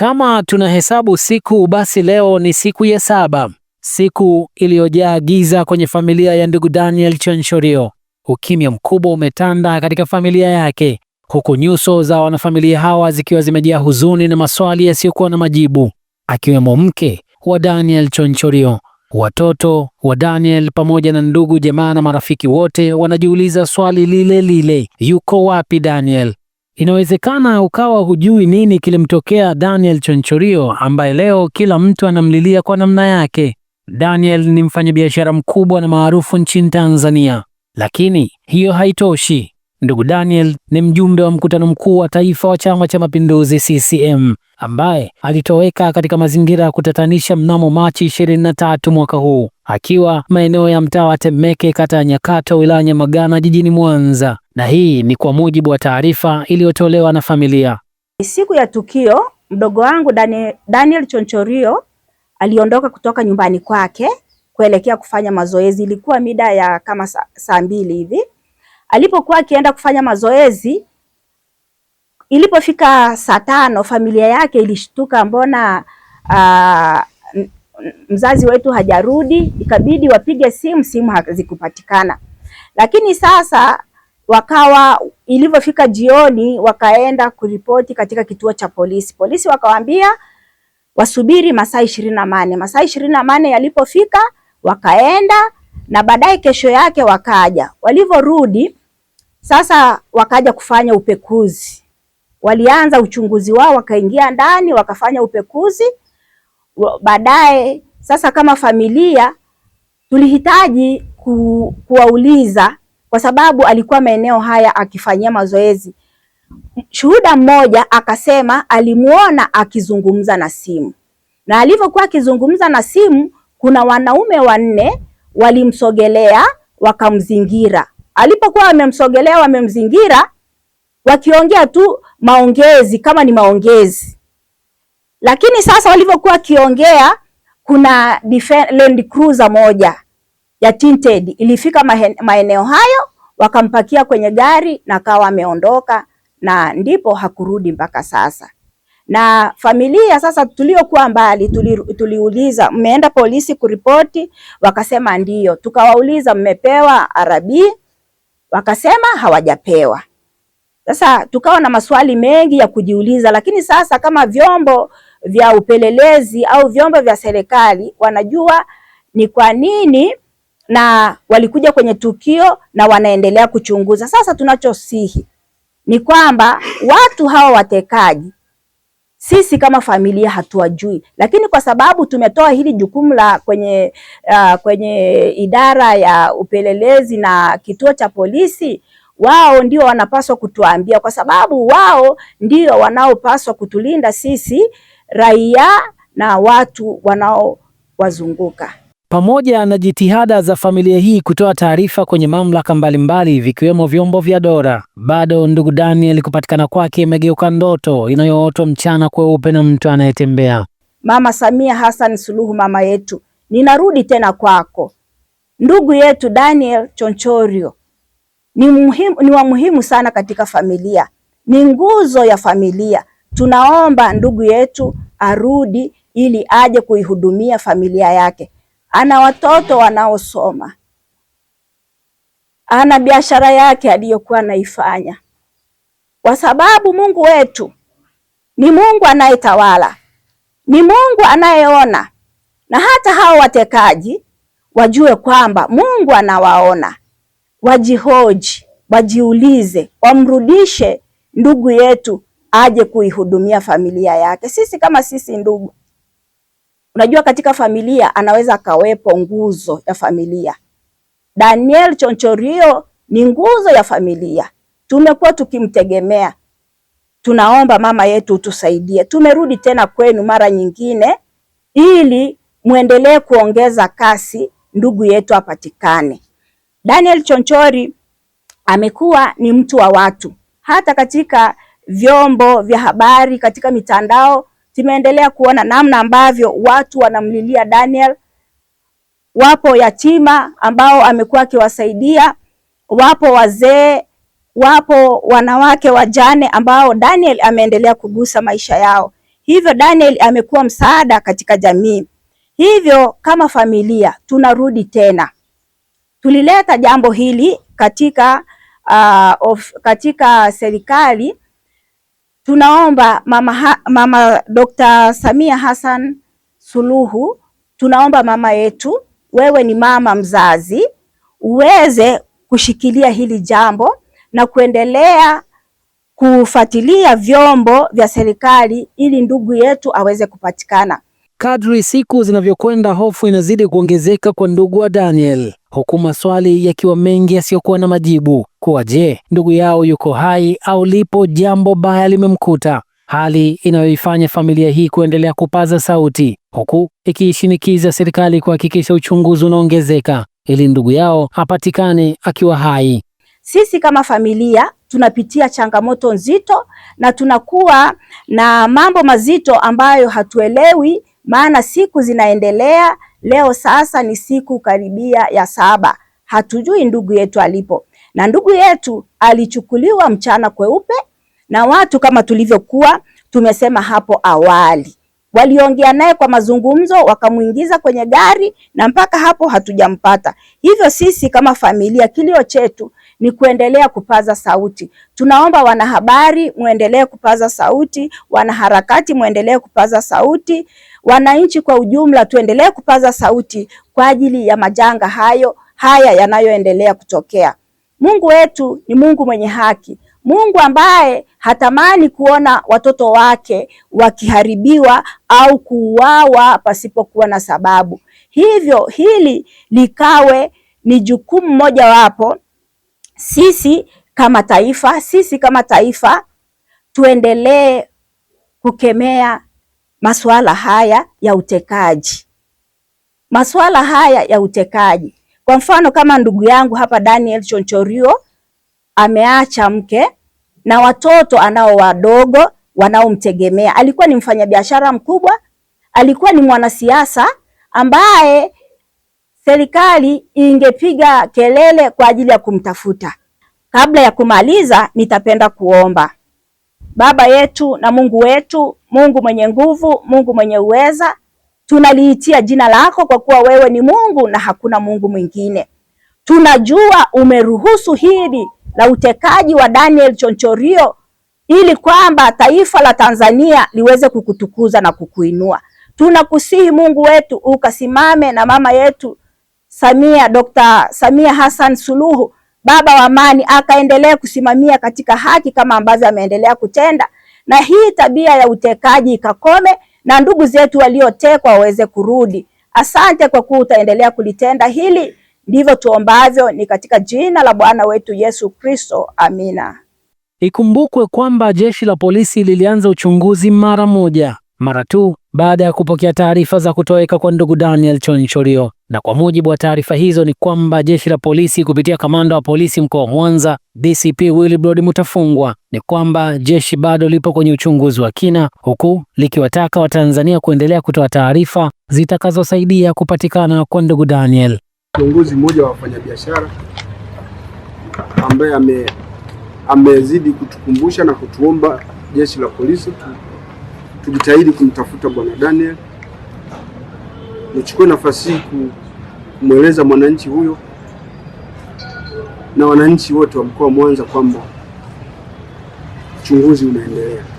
Kama tunahesabu siku, basi leo ni siku ya saba, siku iliyojaa giza kwenye familia ya ndugu Daniel Chonchorio. Ukimya mkubwa umetanda katika familia yake, huku nyuso za wanafamilia hawa zikiwa zimejaa huzuni na maswali yasiyokuwa na majibu, akiwemo mke wa Daniel Chonchorio, watoto wa Daniel pamoja na ndugu, jamaa na marafiki. Wote wanajiuliza swali lile lile, yuko wapi Daniel? Inawezekana ukawa hujui nini kilimtokea Daniel Chonchorio ambaye leo kila mtu anamlilia kwa namna yake. Daniel ni mfanyabiashara mkubwa na maarufu nchini Tanzania, lakini hiyo haitoshi. Ndugu Daniel ni mjumbe wa mkutano mkuu wa taifa wa Chama cha Mapinduzi CCM ambaye alitoweka katika mazingira ya kutatanisha mnamo Machi 23 mwaka huu akiwa maeneo ya mtaa wa Temeke kata ya Nyakato wilaya Nyamagana jijini Mwanza, na hii ni kwa mujibu wa taarifa iliyotolewa na familia. Siku ya tukio, mdogo wangu Daniel, Daniel Chonchorio aliondoka kutoka nyumbani kwake kuelekea kufanya mazoezi. Ilikuwa mida ya kama saa mbili hivi Alipokuwa akienda kufanya mazoezi, ilipofika saa tano, familia yake ilishtuka, mbona uh, mzazi wetu hajarudi. Ikabidi wapige simu, simu hazikupatikana. Lakini sasa wakawa, ilivyofika jioni, wakaenda kuripoti katika kituo cha polisi. Polisi wakawaambia wasubiri masaa ishirini na mane Masaa ishirini na mane yalipofika, wakaenda na baadaye kesho yake wakaja. Walivyorudi sasa wakaja kufanya upekuzi, walianza uchunguzi wao, wakaingia ndani wakafanya upekuzi. Baadaye sasa, kama familia tulihitaji ku, kuwauliza kwa sababu alikuwa maeneo haya akifanyia mazoezi. Shuhuda mmoja akasema alimuona akizungumza na simu, na alivyokuwa akizungumza na simu, kuna wanaume wanne walimsogelea wakamzingira alipokuwa wamemsogelea, wamemzingira, wakiongea tu maongezi kama ni maongezi, lakini sasa walivyokuwa wakiongea, kuna Land Cruiser moja ya tinted ilifika maeneo hayo, wakampakia kwenye gari na akawa ameondoka, na ndipo hakurudi mpaka sasa. Na familia sasa tuliokuwa mbali tuli, tuliuliza mmeenda polisi kuripoti? Wakasema ndiyo. Tukawauliza mmepewa arabii? wakasema hawajapewa. Sasa tukawa na maswali mengi ya kujiuliza, lakini sasa kama vyombo vya upelelezi au vyombo vya serikali wanajua ni kwa nini na walikuja kwenye tukio na wanaendelea kuchunguza. Sasa tunachosihi ni kwamba watu hawa watekaji sisi kama familia hatuwajui, lakini kwa sababu tumetoa hili jukumu la kwenye, uh, kwenye idara ya upelelezi na kituo cha polisi, wao ndio wanapaswa kutuambia, kwa sababu wao ndio wanaopaswa kutulinda sisi raia na watu wanaowazunguka. Pamoja na jitihada za familia hii kutoa taarifa kwenye mamlaka mbalimbali vikiwemo vyombo vya dola, bado ndugu Daniel kupatikana kwake imegeuka ndoto inayootwa mchana kweupe na mtu anayetembea. Mama Samia Hassan Suluhu, mama yetu, ninarudi tena kwako. Ndugu yetu Daniel Chonchorio ni muhimu, ni wa muhimu sana katika familia, ni nguzo ya familia. Tunaomba ndugu yetu arudi ili aje kuihudumia familia yake ana watoto wanaosoma, ana biashara yake aliyokuwa anaifanya, kwa sababu Mungu wetu ni Mungu anayetawala, ni Mungu anayeona, na hata hao watekaji wajue kwamba Mungu anawaona, wajihoji, wajiulize, wamrudishe ndugu yetu aje kuihudumia familia yake. Sisi kama sisi ndugu Unajua katika familia anaweza akawepo nguzo ya familia. Daniel Chonchorio ni nguzo ya familia, tumekuwa tukimtegemea. Tunaomba mama yetu utusaidie, tumerudi tena kwenu mara nyingine, ili muendelee kuongeza kasi, ndugu yetu apatikane. Daniel Chonchori amekuwa ni mtu wa watu, hata katika vyombo vya habari, katika mitandao Tumeendelea kuona namna ambavyo watu wanamlilia Daniel. Wapo yatima ambao amekuwa akiwasaidia, wapo wazee, wapo wanawake wajane ambao Daniel ameendelea kugusa maisha yao. Hivyo Daniel amekuwa msaada katika jamii. Hivyo kama familia tunarudi tena, tulileta jambo hili katika, uh, of, katika serikali Tunaomba mama, ha, mama Dr. Samia Hassan Suluhu, tunaomba mama yetu, wewe ni mama mzazi, uweze kushikilia hili jambo na kuendelea kufuatilia vyombo vya serikali ili ndugu yetu aweze kupatikana. Kadri siku zinavyokwenda, hofu inazidi kuongezeka kwa ndugu wa Daniel, huku maswali yakiwa mengi yasiyokuwa na majibu, kuwa je, ndugu yao yuko hai au lipo jambo baya limemkuta, hali inayoifanya familia hii kuendelea kupaza sauti, huku ikiishinikiza serikali kuhakikisha uchunguzi unaongezeka ili ndugu yao apatikane akiwa hai. Sisi kama familia tunapitia changamoto nzito na tunakuwa na mambo mazito ambayo hatuelewi maana siku zinaendelea. Leo sasa ni siku karibia ya saba, hatujui ndugu yetu alipo, na ndugu yetu alichukuliwa mchana kweupe na watu kama tulivyokuwa tumesema hapo awali waliongea naye kwa mazungumzo, wakamwingiza kwenye gari na mpaka hapo hatujampata. Hivyo sisi kama familia, kilio chetu ni kuendelea kupaza sauti. Tunaomba wanahabari, muendelee kupaza sauti, wanaharakati, muendelee kupaza sauti. Wananchi kwa ujumla tuendelee kupaza sauti kwa ajili ya majanga hayo haya yanayoendelea kutokea. Mungu wetu ni Mungu mwenye haki, Mungu ambaye hatamani kuona watoto wake wakiharibiwa au kuuawa pasipokuwa na sababu. Hivyo hili likawe ni jukumu mojawapo, sisi kama taifa, sisi kama taifa tuendelee kukemea masuala haya ya utekaji, masuala haya ya utekaji. Kwa mfano kama ndugu yangu hapa Daniel Chonchorio ameacha mke na watoto anao wadogo wanaomtegemea. Alikuwa ni mfanyabiashara mkubwa, alikuwa ni mwanasiasa ambaye serikali ingepiga kelele kwa ajili ya kumtafuta. Kabla ya kumaliza, nitapenda kuomba. Baba yetu na Mungu wetu Mungu mwenye nguvu, Mungu mwenye uweza, tunaliitia jina lako kwa kuwa wewe ni Mungu na hakuna Mungu mwingine. Tunajua umeruhusu hili la utekaji wa Daniel Chonchorio ili kwamba taifa la Tanzania liweze kukutukuza na kukuinua. Tunakusihi Mungu wetu ukasimame na mama yetu Samia, Dr. Samia Hassan Suluhu, baba wa amani, akaendelea kusimamia katika haki kama ambavyo ameendelea kutenda na hii tabia ya utekaji ikakome na ndugu zetu waliotekwa waweze kurudi. Asante kwa kuwa utaendelea kulitenda hili. Ndivyo tuombavyo ni katika jina la Bwana wetu Yesu Kristo, amina. Ikumbukwe kwamba jeshi la polisi lilianza uchunguzi mara moja mara tu baada ya kupokea taarifa za kutoweka kwa ndugu Daniel Chonchorio. Na kwa mujibu wa taarifa hizo ni kwamba jeshi la polisi kupitia kamanda wa polisi mkoa wa Mwanza DCP Wilbrod Mutafungwa, ni kwamba jeshi bado lipo kwenye uchunguzi wa kina, huku likiwataka Watanzania kuendelea kutoa taarifa zitakazosaidia kupatikana kwa ndugu Daniel. Kiongozi mmoja wa wafanyabiashara ambaye amezidi kutukumbusha na kutuomba jeshi la polisi kujitahidi kumtafuta Bwana Daniel. Nichukue nafasi hii kumweleza mwananchi huyo na wananchi wote wa mkoa wa Mwanza kwamba uchunguzi unaendelea.